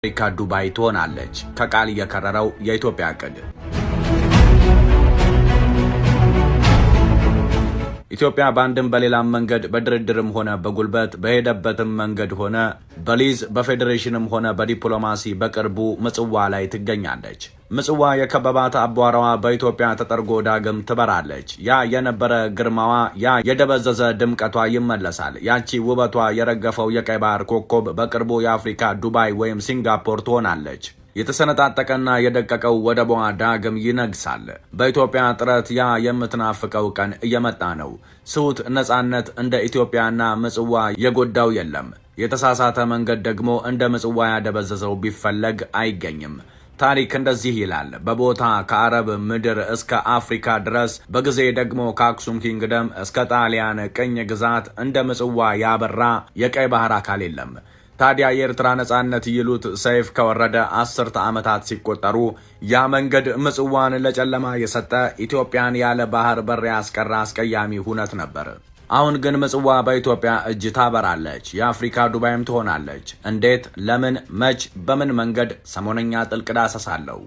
አሜሪካ ዱባይ ትሆናለች። ከቃል እየከረረው የኢትዮጵያ እቅድ ኢትዮጵያ በአንድም በሌላም መንገድ በድርድርም ሆነ በጉልበት በሄደበትም መንገድ ሆነ በሊዝ በፌዴሬሽንም ሆነ በዲፕሎማሲ በቅርቡ ምጽዋ ላይ ትገኛለች። ምጽዋ የከበባት አቧራዋ በኢትዮጵያ ተጠርጎ ዳግም ትበራለች። ያ የነበረ ግርማዋ፣ ያ የደበዘዘ ድምቀቷ ይመለሳል። ያቺ ውበቷ የረገፈው የቀይ ባህር ኮከብ በቅርቡ የአፍሪካ ዱባይ ወይም ሲንጋፖር ትሆናለች። የተሰነጣጠቀና የደቀቀው ወደቧ ዳግም ይነግሳል። በኢትዮጵያ ጥረት ያ የምትናፍቀው ቀን እየመጣ ነው። ስውት ነጻነት እንደ ኢትዮጵያና ምጽዋ የጎዳው የለም። የተሳሳተ መንገድ ደግሞ እንደ ምጽዋ ያደበዘዘው ቢፈለግ አይገኝም። ታሪክ እንደዚህ ይላል። በቦታ ከአረብ ምድር እስከ አፍሪካ ድረስ በጊዜ ደግሞ ከአክሱም ኪንግደም እስከ ጣሊያን ቅኝ ግዛት እንደ ምጽዋ ያበራ የቀይ ባህር አካል የለም። ታዲያ የኤርትራ ነጻነት ይሉት ሰይፍ ከወረደ አስርተ ዓመታት ሲቆጠሩ ያ መንገድ ምጽዋን ለጨለማ የሰጠ ኢትዮጵያን ያለ ባህር በር ያስቀራ አስቀያሚ ሁነት ነበር። አሁን ግን ምጽዋ በኢትዮጵያ እጅ ታበራለች፣ የአፍሪካ ዱባይም ትሆናለች። እንዴት፣ ለምን፣ መች፣ በምን መንገድ? ሰሞነኛ ጥልቅ ዳሰሳለሁ።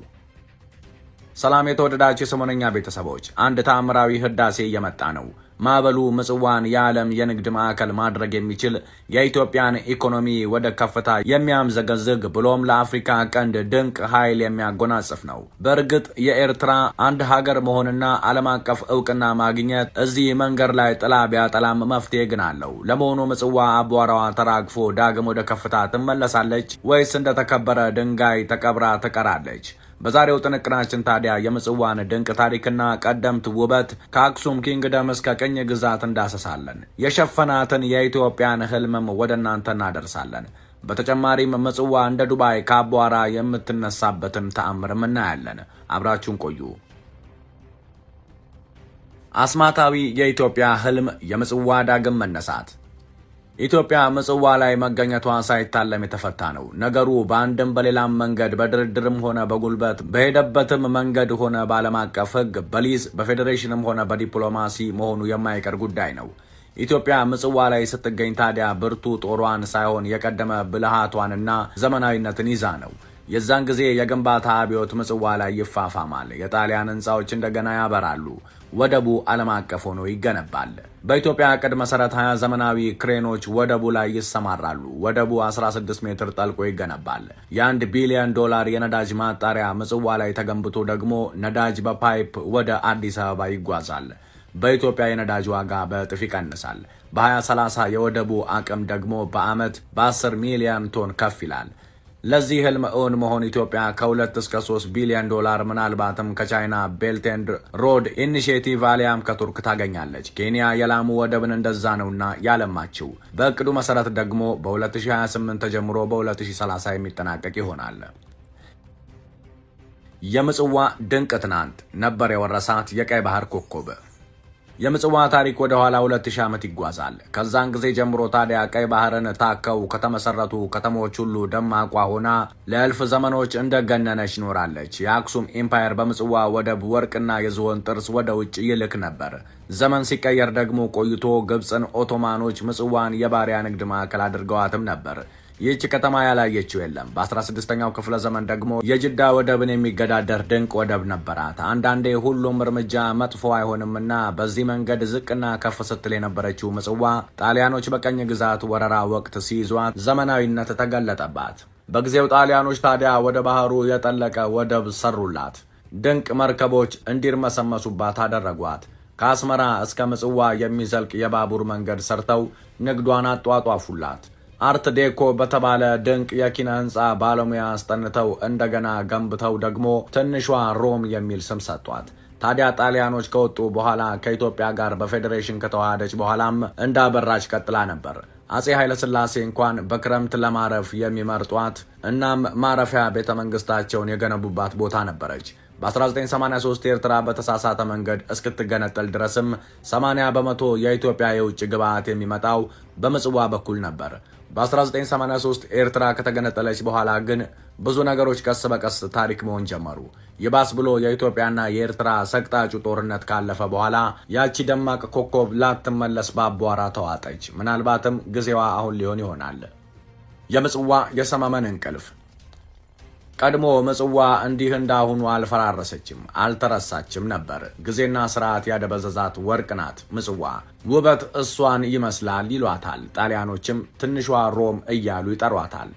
ሰላም የተወደዳችሁ የሰሞነኛ ቤተሰቦች፣ አንድ ተአምራዊ ህዳሴ እየመጣ ነው። ማዕበሉ ምጽዋን የዓለም የንግድ ማዕከል ማድረግ የሚችል የኢትዮጵያን ኢኮኖሚ ወደ ከፍታ የሚያምዘገዝግ ብሎም ለአፍሪካ ቀንድ ድንቅ ኃይል የሚያጎናጽፍ ነው። በእርግጥ የኤርትራ አንድ ሀገር መሆንና ዓለም አቀፍ እውቅና ማግኘት እዚህ መንገድ ላይ ጥላ ቢያጠላም መፍትሄ ግን አለው። ለመሆኑ ምጽዋ አቧራዋ ተራግፎ ዳግም ወደ ከፍታ ትመለሳለች ወይስ እንደተከበረ ድንጋይ ተቀብራ ትቀራለች? በዛሬው ጥንቅናችን ታዲያ የምጽዋን ድንቅ ታሪክና ቀደምት ውበት ከአክሱም ኪንግደም እስከ ቅኝ ግዛት እንዳሰሳለን። የሸፈናትን የኢትዮጵያን ህልምም ወደ እናንተ እናደርሳለን። በተጨማሪም ምጽዋ እንደ ዱባይ ከአቧራ የምትነሳበትን ተአምርም እናያለን። አብራችሁን ቆዩ። አስማታዊ የኢትዮጵያ ህልም፣ የምጽዋ ዳግም መነሳት ኢትዮጵያ ምጽዋ ላይ መገኘቷ ሳይታለም የተፈታ ነው። ነገሩ በአንድም በሌላም መንገድ በድርድርም ሆነ በጉልበት በሄደበትም መንገድ ሆነ በዓለም አቀፍ ሕግ በሊዝ በፌዴሬሽንም ሆነ በዲፕሎማሲ መሆኑ የማይቀር ጉዳይ ነው። ኢትዮጵያ ምጽዋ ላይ ስትገኝ ታዲያ ብርቱ ጦሯን ሳይሆን የቀደመ ብልሃቷንና ዘመናዊነትን ይዛ ነው። የዛን ጊዜ የግንባታ አብዮት ምጽዋ ላይ ይፋፋማል። የጣሊያን ህንፃዎች እንደገና ያበራሉ። ወደቡ ዓለም አቀፍ ሆኖ ይገነባል። በኢትዮጵያ ዕቅድ መሠረት 20 ዘመናዊ ክሬኖች ወደቡ ላይ ይሰማራሉ። ወደቡ 16 ሜትር ጠልቆ ይገነባል። የአንድ ቢሊዮን ዶላር የነዳጅ ማጣሪያ ምጽዋ ላይ ተገንብቶ ደግሞ ነዳጅ በፓይፕ ወደ አዲስ አበባ ይጓዛል። በኢትዮጵያ የነዳጅ ዋጋ በእጥፍ ይቀንሳል። በ2030 የወደቡ አቅም ደግሞ በዓመት በ10 ሚሊዮን ቶን ከፍ ይላል። ለዚህ ህልም እውን መሆን ኢትዮጵያ ከሁለት እስከ ሶስት ቢሊዮን ዶላር ምናልባትም ከቻይና ቤልት ኤንድ ሮድ ኢኒሽቲቭ አሊያም ከቱርክ ታገኛለች። ኬንያ የላሙ ወደብን እንደዛ ነውና ያለማችው። በእቅዱ መሰረት ደግሞ በ2028 ተጀምሮ በ2030 የሚጠናቀቅ ይሆናል። የምጽዋ ድንቅ ትናንት ነበር የወረሳት የቀይ ባህር ኮከብ የምጽዋ ታሪክ ወደ ኋላ ሁለት ሺህ ዓመት ይጓዛል። ከዛን ጊዜ ጀምሮ ታዲያ ቀይ ባህርን ታከው ከተመሰረቱ ከተሞች ሁሉ ደማቋ ሆና ለእልፍ ዘመኖች እንደገነነች ኖራለች። የአክሱም ኤምፓየር በምጽዋ ወደብ ወርቅና የዝሆን ጥርስ ወደ ውጭ ይልክ ነበር። ዘመን ሲቀየር ደግሞ ቆይቶ ግብፅን ኦቶማኖች ምጽዋን የባሪያ ንግድ ማዕከል አድርገዋትም ነበር። ይህች ከተማ ያላየችው የለም። በ16ኛው ክፍለ ዘመን ደግሞ የጅዳ ወደብን የሚገዳደር ድንቅ ወደብ ነበራት። አንዳንዴ ሁሉም እርምጃ መጥፎ አይሆንምና በዚህ መንገድ ዝቅና ከፍ ስትል የነበረችው ምጽዋ ጣሊያኖች በቀኝ ግዛት ወረራ ወቅት ሲይዟት ዘመናዊነት ተገለጠባት። በጊዜው ጣሊያኖች ታዲያ ወደ ባህሩ የጠለቀ ወደብ ሰሩላት። ድንቅ መርከቦች እንዲርመሰመሱባት አደረጓት። ከአስመራ እስከ ምጽዋ የሚዘልቅ የባቡር መንገድ ሰርተው ንግዷን አጧጧፉላት። አርት ዴኮ በተባለ ድንቅ የኪነ ህንፃ ባለሙያ አስጠንተው እንደገና ገንብተው ደግሞ ትንሿ ሮም የሚል ስም ሰጧት። ታዲያ ጣሊያኖች ከወጡ በኋላ ከኢትዮጵያ ጋር በፌዴሬሽን ከተዋሃደች በኋላም እንዳበራች ቀጥላ ነበር። አጼ ኃይለሥላሴ እንኳን በክረምት ለማረፍ የሚመርጧት እናም ማረፊያ ቤተ መንግስታቸውን የገነቡባት ቦታ ነበረች። በ1983 ኤርትራ በተሳሳተ መንገድ እስክትገነጠል ድረስም 80 በመቶ የኢትዮጵያ የውጭ ግብዓት የሚመጣው በምጽዋ በኩል ነበር። በ1983 ኤርትራ ከተገነጠለች በኋላ ግን ብዙ ነገሮች ቀስ በቀስ ታሪክ መሆን ጀመሩ። ይባስ ብሎ የኢትዮጵያና የኤርትራ ሰቅጣጩ ጦርነት ካለፈ በኋላ ያቺ ደማቅ ኮከብ ላትመለስ በአቧራ ተዋጠች። ምናልባትም ጊዜዋ አሁን ሊሆን ይሆናል። የምጽዋ የሰመመን እንቅልፍ ቀድሞ ምጽዋ እንዲህ እንዳሁኑ አልፈራረሰችም፣ አልተረሳችም ነበር። ጊዜና ስርዓት ያደበዘዛት ወርቅ ናት ምጽዋ። ውበት እሷን ይመስላል ይሏታል። ጣሊያኖችም ትንሿ ሮም እያሉ ይጠሯታል።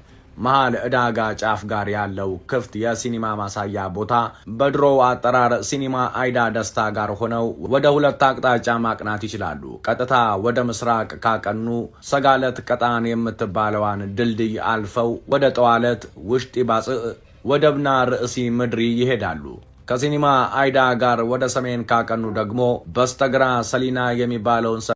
መሀል ዕዳጋ ጫፍ ጋር ያለው ክፍት የሲኒማ ማሳያ ቦታ በድሮው አጠራር ሲኒማ አይዳ ደስታ ጋር ሆነው ወደ ሁለት አቅጣጫ ማቅናት ይችላሉ። ቀጥታ ወደ ምስራቅ ካቀኑ ሰጋለት ቀጣን የምትባለዋን ድልድይ አልፈው ወደ ጠዋለት ውሽጢ ባጽእ ወደብና ርእሲ ምድሪ ይሄዳሉ። ከሲኒማ አይዳ ጋር ወደ ሰሜን ካቀኑ ደግሞ በስተግራ ሰሊና የሚባለውን